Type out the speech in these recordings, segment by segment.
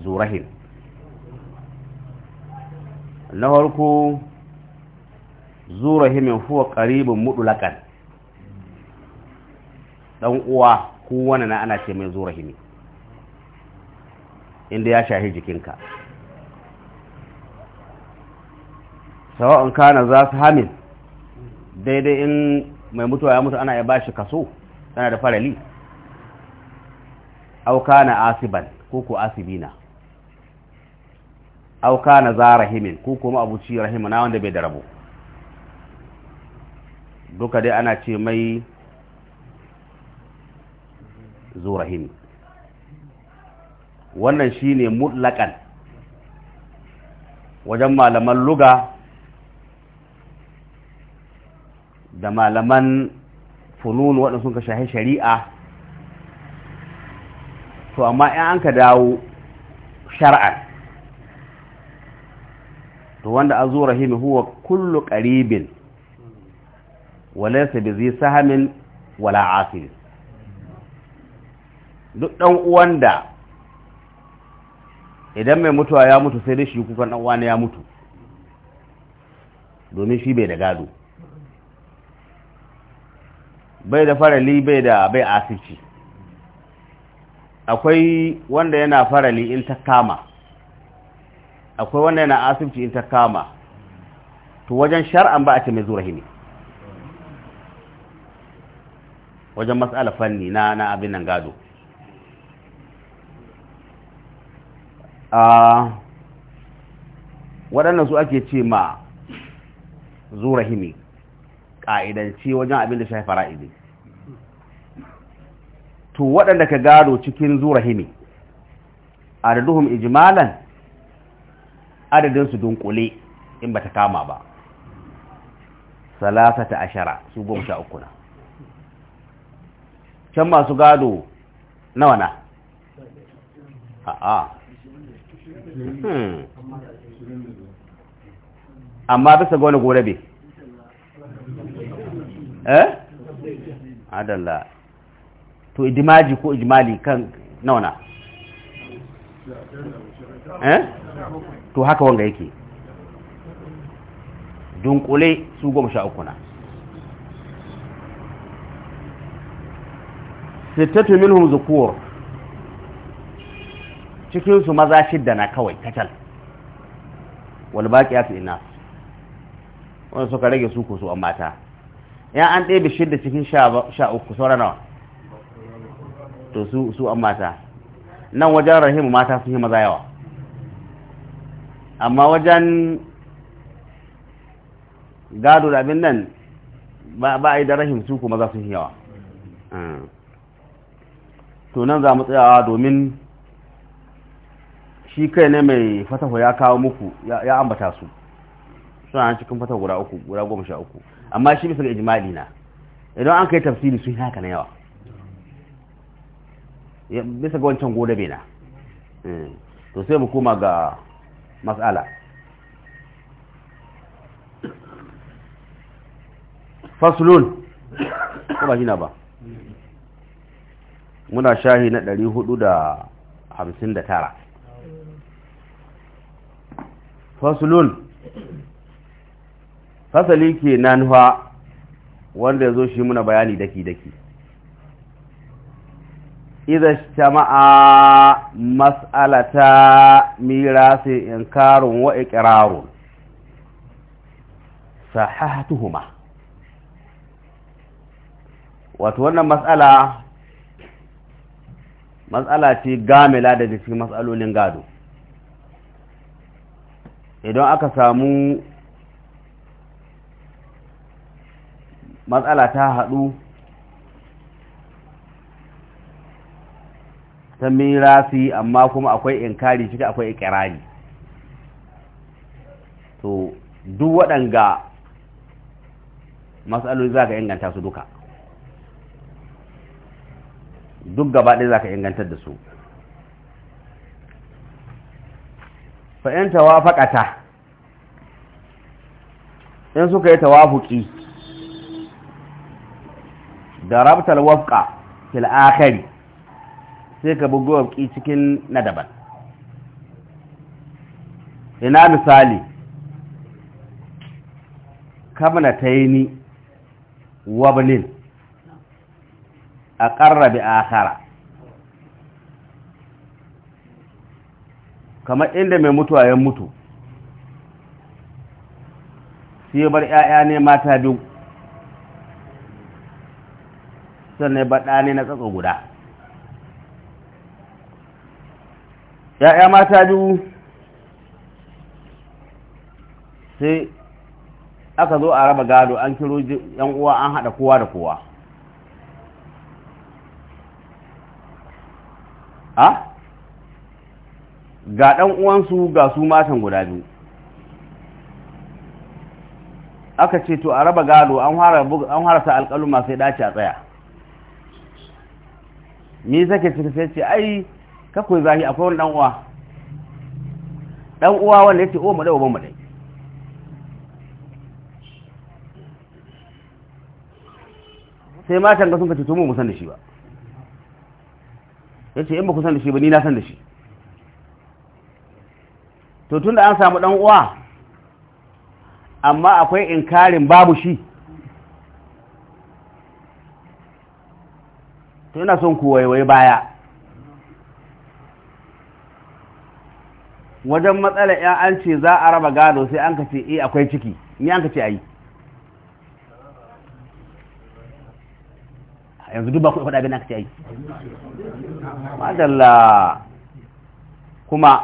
zurahil na farko zurahimin huwa qaribun mudulakan dan uwa kowane na ana ce mai zurahil inda ya shahi jikinka sawa'un kana za su hamil daidai in mai mutuwa ya mutu ana ya bashi kaso tana da farali auka kana asiban ko asibina auka na za rahimin ko kuma abuci rahimu na wanda bai da rabo duka dai ana ce mai zo rahimi wannan shine mutlakan wajen malaman luga da malaman funun waɗanda sun ka shahi shari'a to amma in an ka dawo shar'a to wanda an zo rahimi huwa kullu qaribin walaysa bi zai sahamin wala asir duk dan uwanda idan mai mutuwa ya mutu sai dai shi kukan dan uwana ya mutu domin shi bai da gado bai da farali bai da bai asirci akwai wanda yana farali in ta kama akwai wannan yana asibci in ta kama to wajen shar'an ba a ce mai zuwa rahimi wajen matsala fanni na na abin nan gado waɗannan su ake ce ma zuwa rahimi ƙa'idanci wajen abin da shafi fara'idi to waɗanda ka gado cikin zuwa rahimi a da duhun ijimalan adadin su dunkule in bata kama ba salasata ashara su goma sha uku na can masu gado nawa na a'a hmm. amma bisa gona gore be eh adalla to idimaji ko ijimali kan nawa na eh to haka wanga yake dunkule su goma sha uku na sittatu minhum zukur cikin su maza shidda na kawai kacal wal baqiyatu inas wannan suka rage su ko su an mata ya an ɗaya da shidda cikin sha uku saura nawa to su an mata nan wajen rahimu mata sun yi maza yawa amma wajen gado da abin nan ba a yi da rahim su kuma za su yi yawa hmm. to nan za mu tsayawa domin shi kai ne mai fatahu ya kawo muku ya ambata su suna cikin fatahu guda uku guda goma sha uku amma shi bisa ga ijimali na idan an kai tafsiri sun haka na yawa bisa ga wancan godabe na hmm. to sai mu koma ga mas'ala faslun ko ba ɗari ba muna shahi na 459 fasulun fasali kenan fa wanda ya zo shi muna bayani daki daki إذا اجتمع مسألة ميراث إنكار وإقرار صححتهما وتوانا مسألة مسألة قاملة دي في مسألة لنقادو إذا أكسامو مسألة تهدو ta mirasi amma kuma akwai inkari shi akwai ikirari to duk waɗanga matsaloli za ka inganta su duka duk gaba ɗaya za ka ingantar da su fa'in tawafaƙata in suka yi tawafuki da rabtar wafƙa fil akhari sai ka bugu wabki cikin na daban ina misali kamna ta yi ni wabnin a ƙarrabe akara kamar inda mai mutuwa ya mutu sai bar 'ya'ya ne mata biyu sannan ba ɗane na tsatso guda ya'ya mata biyu sai aka zo a raba gado an kiro yan uwa an haɗa kowa da kowa a ga ɗan uwansu ga su matan guda biyu aka ce to a raba gado an harasa alƙaluma sai dace a tsaya me sake ce sai ce ai kakwai zahi akwai wani ɗan'uwa ɗan'uwa wanda ya ce o oh, mu dai uban sai matan ga sun ka tutumu mu san da shi ba ya ce in ba ku san da shi ba ni na san da shi to tun da an samu ɗan'uwa amma akwai inkarin babu shi to ina son ku baya wajen matsala ya an ce za a raba gado sai an ka ce eh akwai ciki ni an ka ce ayi yanzu duk ba ku faɗa bin aka ce ayi madalla kuma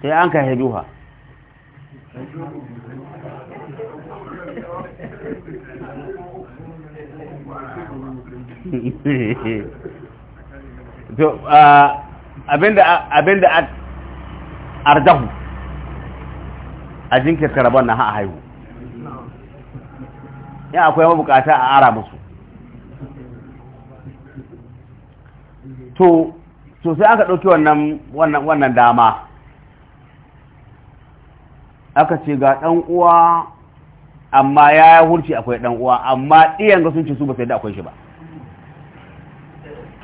sai an ka haiduha Hehehehe abinda a ardahu a jinkirta rabon na haihu ya akwai mabukata a ara musu to to sai aka ɗauki wannan wannan dama aka ce ga ɗan uwa amma ya hurci akwai ɗan uwa amma ɗiyan ga sun ce su ba sai da akwai shi ba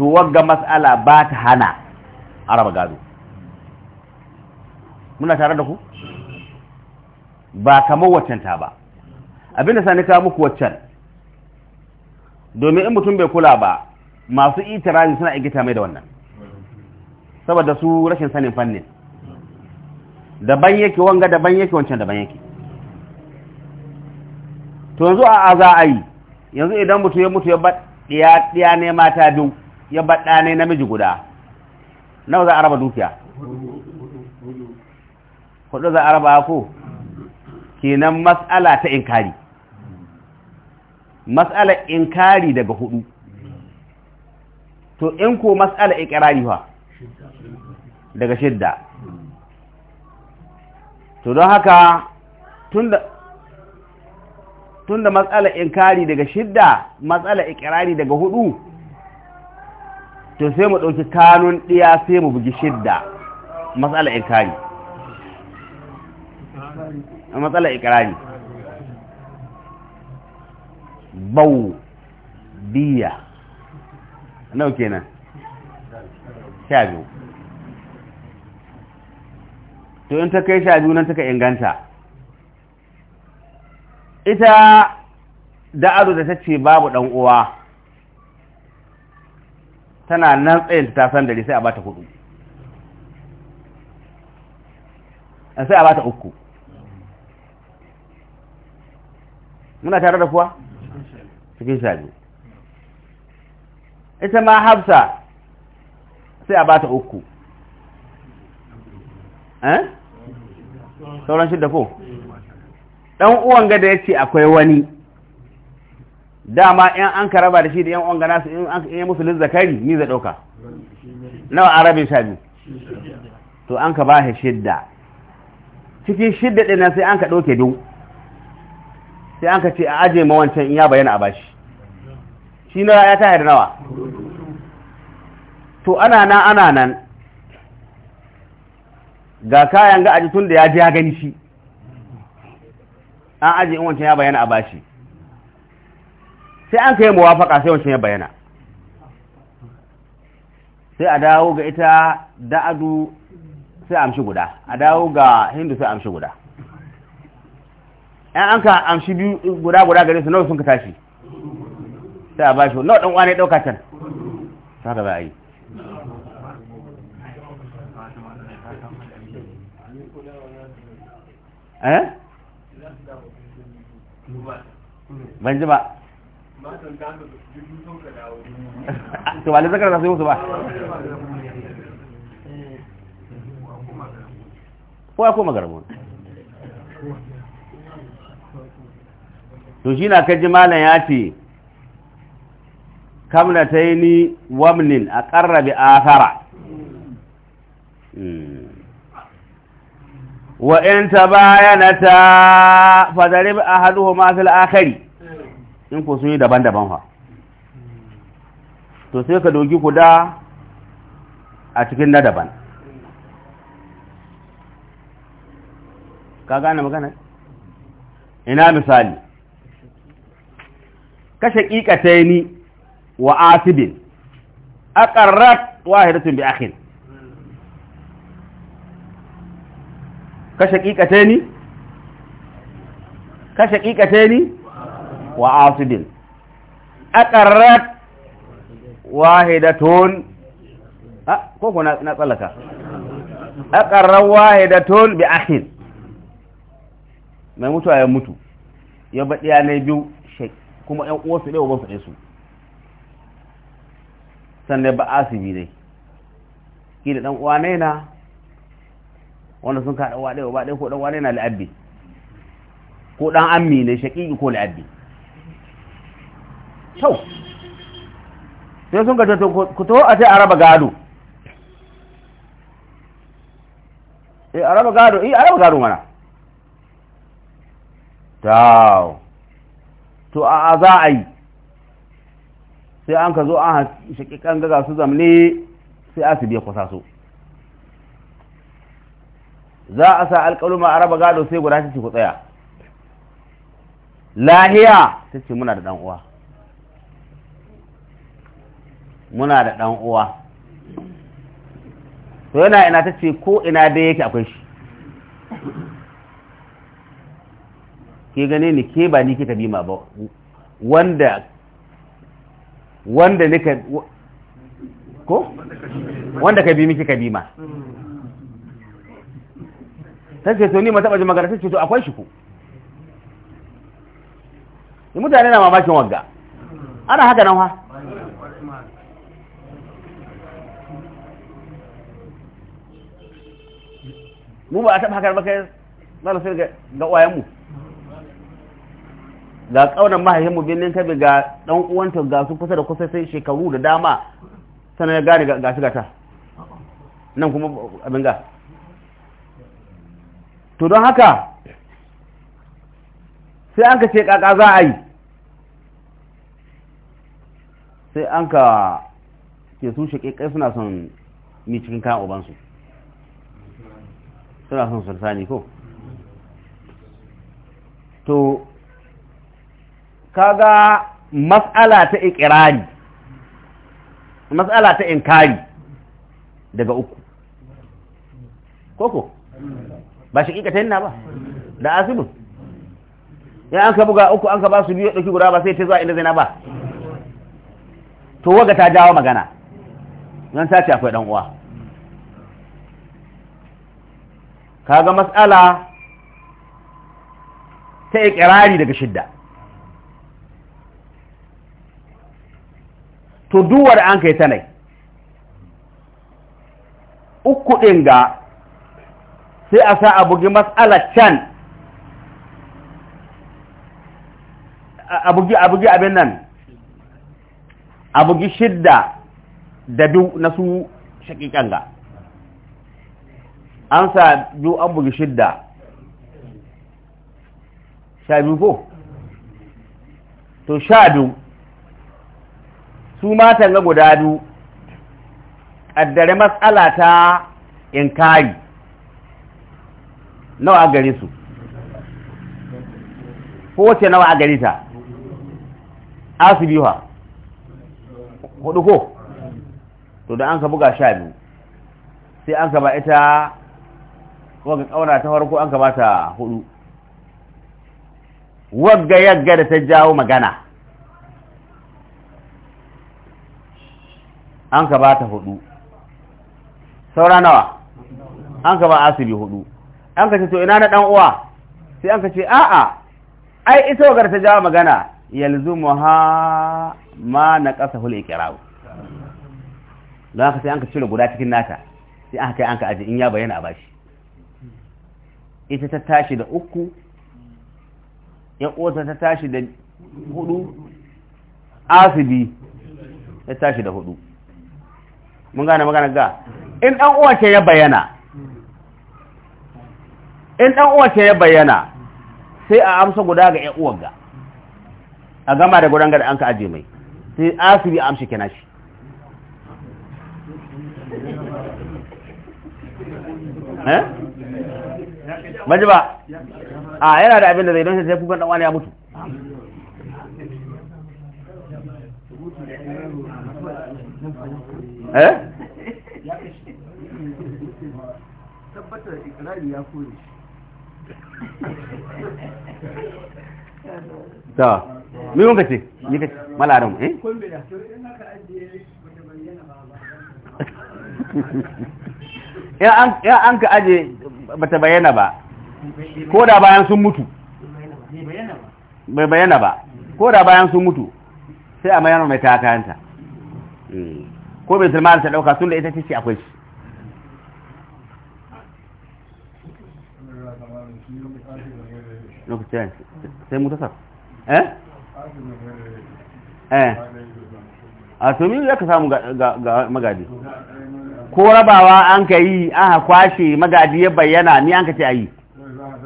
to wagga mas'ala ba ta hana araba gado muna tare da ku ba kamar waccan ta ba abinda sani kawo muku waccan domin in mutum bai kula ba masu itirazi suna igita mai da wannan saboda su rashin sanin fannin daban yake wanga daban yake wancan daban yake to yanzu a za a yi yanzu idan mutu ya mutu ya ba ɗiya ne mata biyu ya baɗa ne namiji guda nawa za a raba dukiya hudu za a raba ko kenan matsala ta inkari mas'ala inkari daga hudu to in ko mas'ala ikirari fa daga shidda to don haka tunda tunda matsala inkari daga shidda matsala ikirari daga hudu to sai mu ɗauki kanun ɗiya sai mu bugi shidda matsala ikari matsala ikirari bau biya nau kenan sha biyu to in ta kai sha biyu nan taka inganta ita da'adu da ta ce babu dan uwa tana nan tsayin ta san dare sai a bata hudu eh, sai a bata uku muna tare da kuwa cikin shaji ita ma hafsa sai a bata uku eh sauran shidda ko dan uwan gada yace akwai wani dama in an ka raba da shi da yan ongana su in an yi musu zakari ni zai ɗauka. nawa arabin sha biyu to an ka ba shi shidda cikin shidda ɗin sai an ka ɗauke duk sai an ka ce a aje ma wancan in ya bayyana a bashi shi nawa ya ta da nawa to ana nan ana nan ga kayan ga aji tun da ya ji ya gani shi an aje in wancan ya bayyana a bashi sai an kai muwafaka sai wancan ya bayana sai a dawo ga ita da'adu sai amshi guda a dawo ga hindu sai amshi guda yan an ka amshi biyu guda guda gare su nawa sun ka tashi sai a bashi nawa ɗan wane ɗauka can haka za a yi eh? ban ji ba to ba zakar na sai musu ba ko ya koma garbo to shi na kaji malam ya ce kamna ta yi ni wamnin a a fara hmm. wa'in ta bayana ta fadarib a haduhu masu la'akari. in ko sun yi daban-daban fa to sai ka dogi da a cikin na daban ka gane magana ina misali kashe ni wa asibin a ƙarrat wahidatun bi akhin kashe ni? kashe ni? wa asibin aqarrat wahidatun a ko ko na tsallaka aqarrat wahidatun bi akhin mai mutu ya mutu ya ne yanar biyu kuma ‘yan uwarsu ɗaya su ɗaya su ne ba asibi ne ki da ɗan uwa na wanda sun kaɗa uwa ɗaya ba ɗaya ko ɗan uwa na la'abbi ko ɗan ammi ne shaƙiƙi ko la'abbi Tau sai sun gaje ku to a sai a raba gado eh a raba gado eh a raba gado mana tau to a za a yi sai an ka zo an shakikan gaga su zamne sai su biya kusa su za a sa alƙaluma a raba gado sai guda ta ce ku tsaya lahiya ta ce muna da ɗan'uwa muna da ɗan uwa to yana ina ta ce ko ina dai yake akwai shi ke gane ni ke ba ni kika bima ba wanda wanda nika ko wanda ka bi miki ka bima ta ce to ni ma taɓa ji magana ta ce to akwai shi ko mutane na mamakin wagga ana haka nan ha mu ba a taɓa haka ba kai sai ga ƙwayenmu ga ƙaunar mahaifinmu birnin kabi ga ɗan uwanta ga su kusa da kusa sai shekaru da dama sannan gane ga shiga ta nan kuma abin ga to don haka sai an ka ce ƙaƙa za a yi sai an ka ke sun shaƙe suna son ni cikin kayan ubansu suna son sultani ko to kaga mas'ala ta ikirari mas'ala ta inkari daga uku koko ba shi kika na ba da asibin ya an ka buga uku an ka ba su biyu ɗauki guda ba sai ta zuwa inda zai ba to waga ta jawo magana don ta ce akwai dan uwa kaga mas'ala ta ikirari daga shidda to duwar an kai ta nai uku ɗin ga sai a sa a bugi mas'ala can a bugi abin nan a bugi shidda da biyu na su shakikan ga an sa yi an bugi shidda sha biyu ko to sha biyu su matan ga guda biyu ƙaddare matsala ta in kari nawa a gare su kowace nawa a gare ta asu biyu ha hudu ko to da an ka buga sha biyu sai an ka ba ita wagga kauna ta farko an kamata hudu wagga yagga da ta jawo magana an ka ba ta hudu saura nawa an ka ba asibi hudu an ka ce to ina na dan uwa sai an ka ce a'a ai ita wagar ta jawo magana yalzumu ha ma na ƙasa hul ikirawu don haka sai an ka cire guda cikin nata sai an kai an ka aji in ya bayyana a bashi ita ta tashi da uku ya uwarsa ta tashi da hudu asibi ta tashi da hudu mun gane magana ga in dan uwace ya bayyana in dan uwace ya bayyana sai a amsa guda ga yan uwar ga a gama da gudan gada an ka aje mai sai asibi a amshi kenan shi eh maji ba a yana da abin da zai don shi sai kukan ɗan wani ya mutu eh tabbatar ikirari ya kore ta mi wanka ce ni ka malarin eh ya an ka aje bata bayyana ba ko da bayan sun mutu bai bayyana ba ko da bayan sun mutu sai a mayar mai hmm. ta kayanta ko bai zirma ta dauka sun da ita ce akwai shi sai mu eh eh a tumi ya ka samu ga magadi ko rabawa an ka yi an kwashe magadi ya bayyana ni an ka ce a yi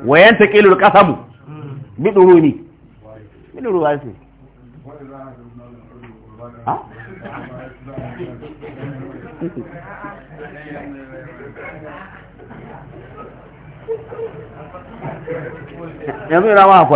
wayan taqilul qasamu biduruni hmm. biduru wasi ha yanzu ina ma akwai